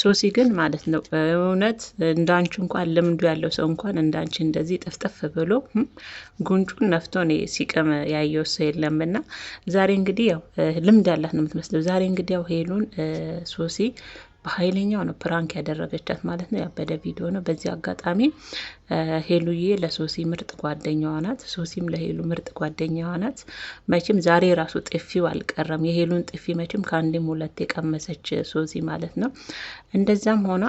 ሶሲ ግን ማለት ነው በእውነት እንዳንቺ እንኳን ልምዱ ያለው ሰው እንኳን እንዳንቺ እንደዚህ ጥፍጥፍ ብሎ ጉንጩን ነፍቶ እኔ ሲቅም ያየው ሰው የለም። እና ዛሬ እንግዲህ ያው ልምድ ያላት ነው የምትመስለው። ዛሬ እንግዲህ ያው ሄሉን ሶሲ በኃይለኛው ነው ፕራንክ ያደረገቻት ማለት ነው። ያበደ ቪዲዮ ነው። በዚህ አጋጣሚ ሄሉዬ ለሶሲ ምርጥ ጓደኛዋ ናት። ሶሲም ለሄሉ ምርጥ ጓደኛዋ ናት። መቼም ዛሬ ራሱ ጥፊው አልቀረም። የሄሉን ጥፊ መቼም ከአንድም ሁለት የቀመሰች ሶሲ ማለት ነው። እንደዛም ሆና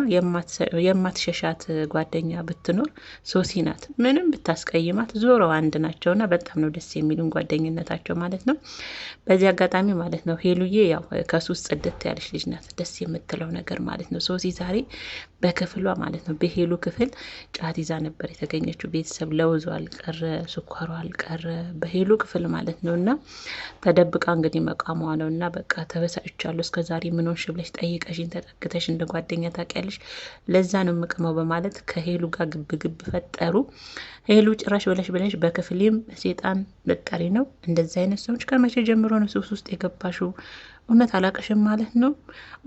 የማትሸሻት ጓደኛ ብትኖር ሶሲ ናት። ምንም ብታስቀይማት ዞሮ አንድ ናቸውና በጣም ነው ደስ የሚሉን ጓደኝነታቸው ማለት ነው። በዚህ አጋጣሚ ማለት ነው ሄሉዬ ያው ከሱስ ጽድት ያለች ልጅ ናት። ደስ የምትለው ነገር ነገር ማለት ነው። ሶሲ ዛሬ በክፍሏ ማለት ነው በሄሉ ክፍል ጫት ይዛ ነበር የተገኘችው። ቤተሰብ ለውዙ አልቀረ ስኳሯ አልቀረ በሄሉ ክፍል ማለት ነው። እና ተደብቃ እንግዲህ መቃሟ ነው። እና በቃ ተበሳጭቻለሁ። እስከ ዛሬ ምን ሆንሽ ብለሽ ጠይቀሽኝ ተጠግተሽ እንደ ጓደኛ ታውቂያለሽ፣ ለዛ ነው የምቅመው በማለት ከሄሉ ጋር ግብ ግብ ፈጠሩ። ሄሉ ጭራሽ ብለሽ ብለሽ በክፍሌም ሴጣን በጠሪ ነው። እንደዚ አይነት ሰዎች ከመቼ ጀምሮ ነው ሱስ ውስጥ የገባሽው? እውነት አላቀሽም ማለት ነው።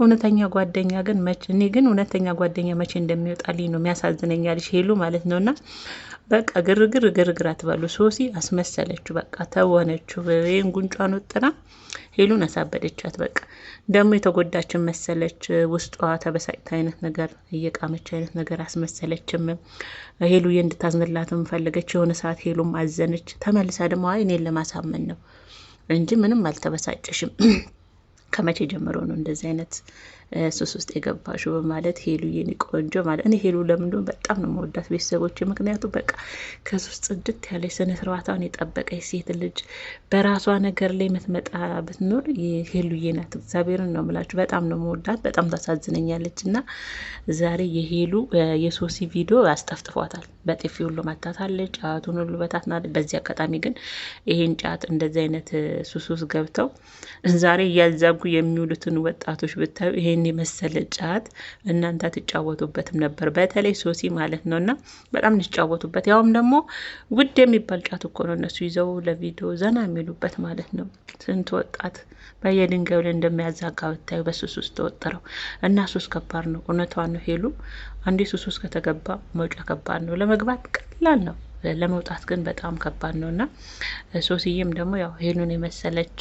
እውነተኛ ጓደኛ ግን መቼ እኔ ግን እውነተኛ ጓደኛ መቼ እንደሚወጣልኝ ነው የሚያሳዝነኝ ሄሉ ማለት ነው። እና በቃ ግርግር ግርግር አትበሉ። ሶሲ አስመሰለችው፣ በቃ ተወነችው። ወይም ጉንጯን ወጥራ ሄሉን አሳበደቻት። በቃ ደግሞ የተጎዳችን መሰለች፣ ውስጧ ተበሳጭት አይነት ነገር እየቃመች አይነት ነገር አስመሰለችም። ሄሉዬ እንድታዝንላትም ፈለገች። የሆነ ሰዓት ሄሉም አዘነች። ተመልሳ ደግሞ አይ እኔን ለማሳመን ነው እንጂ ምንም አልተበሳጨሽም ከመቼ ጀምሮ ነው እንደዚህ አይነት ሱስ ውስጥ የገባሽው? በማለት ሄሉ የኔ ቆንጆ ማለት እኔ ሄሉ ለምንድ በጣም ነው መወዳት ቤተሰቦች። ምክንያቱ በቃ ከሱስ ጽድት ያለች ስነ ስርዓቷን የጠበቀች ሴት ልጅ በራሷ ነገር ላይ የምትመጣ ብትኖር ሄሉዬ ናት። እግዚአብሔርን ነው ምላችሁ፣ በጣም ነው መወዳት። በጣም ታሳዝነኛለች። እና ዛሬ የሄሉ የሶሲ ቪዲዮ አስጠፍጥፏታል። በጤፊ ሁሉ መታታለች። ጫቱን ሁሉ በታትናለች። በዚህ አጋጣሚ ግን ይህን ጫት እንደዚህ አይነት ሱስ ውስጥ ገብተው ዛሬ እያዛጉ የሚውሉትን ወጣቶች ብታዩ ይሄን የመሰለ ጫት እናንተ ትጫወቱበትም ነበር። በተለይ ሶሲ ማለት ነው እና በጣም እንጫወቱበት። ያውም ደግሞ ውድ የሚባል ጫት እኮ ነው እነሱ ይዘው ለቪዲዮ ዘና የሚሉበት ማለት ነው። ስንት ወጣት በየድንጋዩ ላይ እንደሚያዛጋ ብታዩ በሱስ ውስጥ ተወጠረው እና ሱስ ከባድ ነው። እውነቷ ነው ሄሉ። አንዴ ሱስ ውስጥ ከተገባ መውጫ ከባድ ነው። ለመግባት ቀላል ነው። ለመውጣት ግን በጣም ከባድ ነው እና ሶስዬም ደግሞ ያው ሄሉን የመሰለች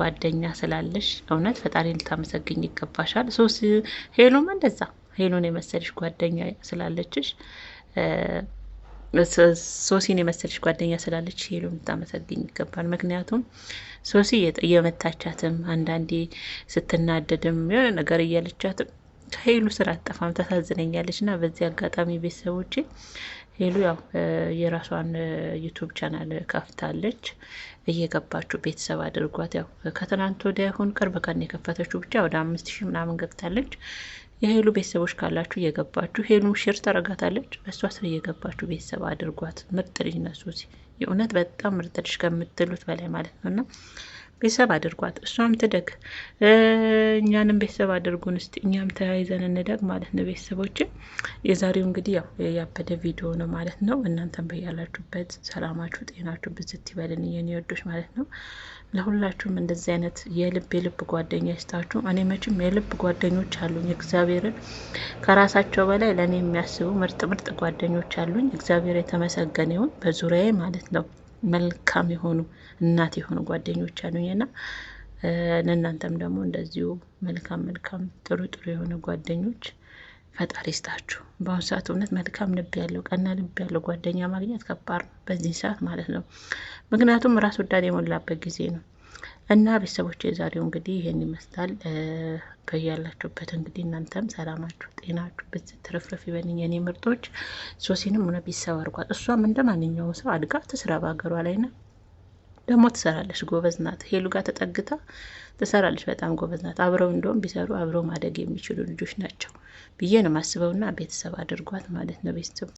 ጓደኛ ስላለሽ እውነት ፈጣሪ ልታመሰግኝ ይገባሻል። ሶስ ሄሉም እንደዛ ሄሉን የመሰለች ጓደኛ ስላለችሽ ሶሲን የመሰለች ጓደኛ ስላለች ሄሉን ልታመሰግኝ ይገባል። ምክንያቱም ሶሲ የመታቻትም አንዳንዴ ስትናደድም የሆነ ነገር እያለቻትም ከሄሉ ስራ አጠፋም ታሳዝነኛለች እና በዚህ አጋጣሚ ቤተሰቦቼ ሄሉ ያው የራሷን ዩቱብ ቻናል ከፍታለች። እየገባችሁ ቤተሰብ አድርጓት። ያው ከትናንት ወዲያ አሁን ቅርብ ቀን የከፈተችው ብቻ ወደ አምስት ሺህ ምናምን ገብታለች። የሄሉ ቤተሰቦች ካላችሁ እየገባችሁ ሄሉም ሽር ተረጋታለች። በእሷ ስር እየገባችሁ ቤተሰብ አድርጓት። ምርጥ ልጅ ነሱ የእውነት በጣም ምርጥ ልጅ ከምትሉት በላይ ማለት ነው እና ቤተሰብ አድርጓት፣ እሷም ትደግ፣ እኛንም ቤተሰብ አድርጉን። እስቲ እኛም ተያይዘን እንደግ ማለት ነው። ቤተሰቦችን የዛሬው እንግዲህ ያው ያበደ ቪዲዮ ነው ማለት ነው። እናንተም በያላችሁበት ሰላማችሁ፣ ጤናችሁ ብዝት ይበልን የኔ ወዶች ማለት ነው። ለሁላችሁም እንደዚህ አይነት የልብ የልብ ጓደኛ ይስጣችሁ። እኔ መቼም የልብ ጓደኞች አሉኝ እግዚአብሔርን ከራሳቸው በላይ ለእኔ የሚያስቡ ምርጥ ምርጥ ጓደኞች አሉኝ። እግዚአብሔር የተመሰገነ ይሁን በዙሪያዬ ማለት ነው። መልካም የሆኑ እናት የሆኑ ጓደኞች አሉኝና ለእናንተም ደግሞ እንደዚሁ መልካም መልካም ጥሩ ጥሩ የሆኑ ጓደኞች ፈጣሪ ይስጣችሁ። በአሁኑ ሰዓት እውነት መልካም ልብ ያለው ቀና ልብ ያለው ጓደኛ ማግኘት ከባድ ነው፣ በዚህ ሰዓት ማለት ነው። ምክንያቱም ራስ ወዳድ የሞላበት ጊዜ ነው። እና ቤተሰቦች የዛሬው እንግዲህ ይህን ይመስላል። በያላችሁበት እንግዲህ እናንተም ሰላማችሁ፣ ጤናችሁ ብዝት ትርፍርፍ ይበልኝ የኔ ምርጦች። ሶሲንም ሆነ ቤተሰብ አድርጓት። እሷም እንደ ማንኛውም ሰው አድጋ ትስራ በሀገሯ ላይ ና ደግሞ ትሰራለች። ጎበዝ ናት። ሄሉ ጋር ተጠግታ ትሰራለች። በጣም ጎበዝ ናት። አብረው እንደውም ቢሰሩ አብረው ማደግ የሚችሉ ልጆች ናቸው ብዬ ነው ማስበውና ቤተሰብ አድርጓት ማለት ነው ቤተሰብ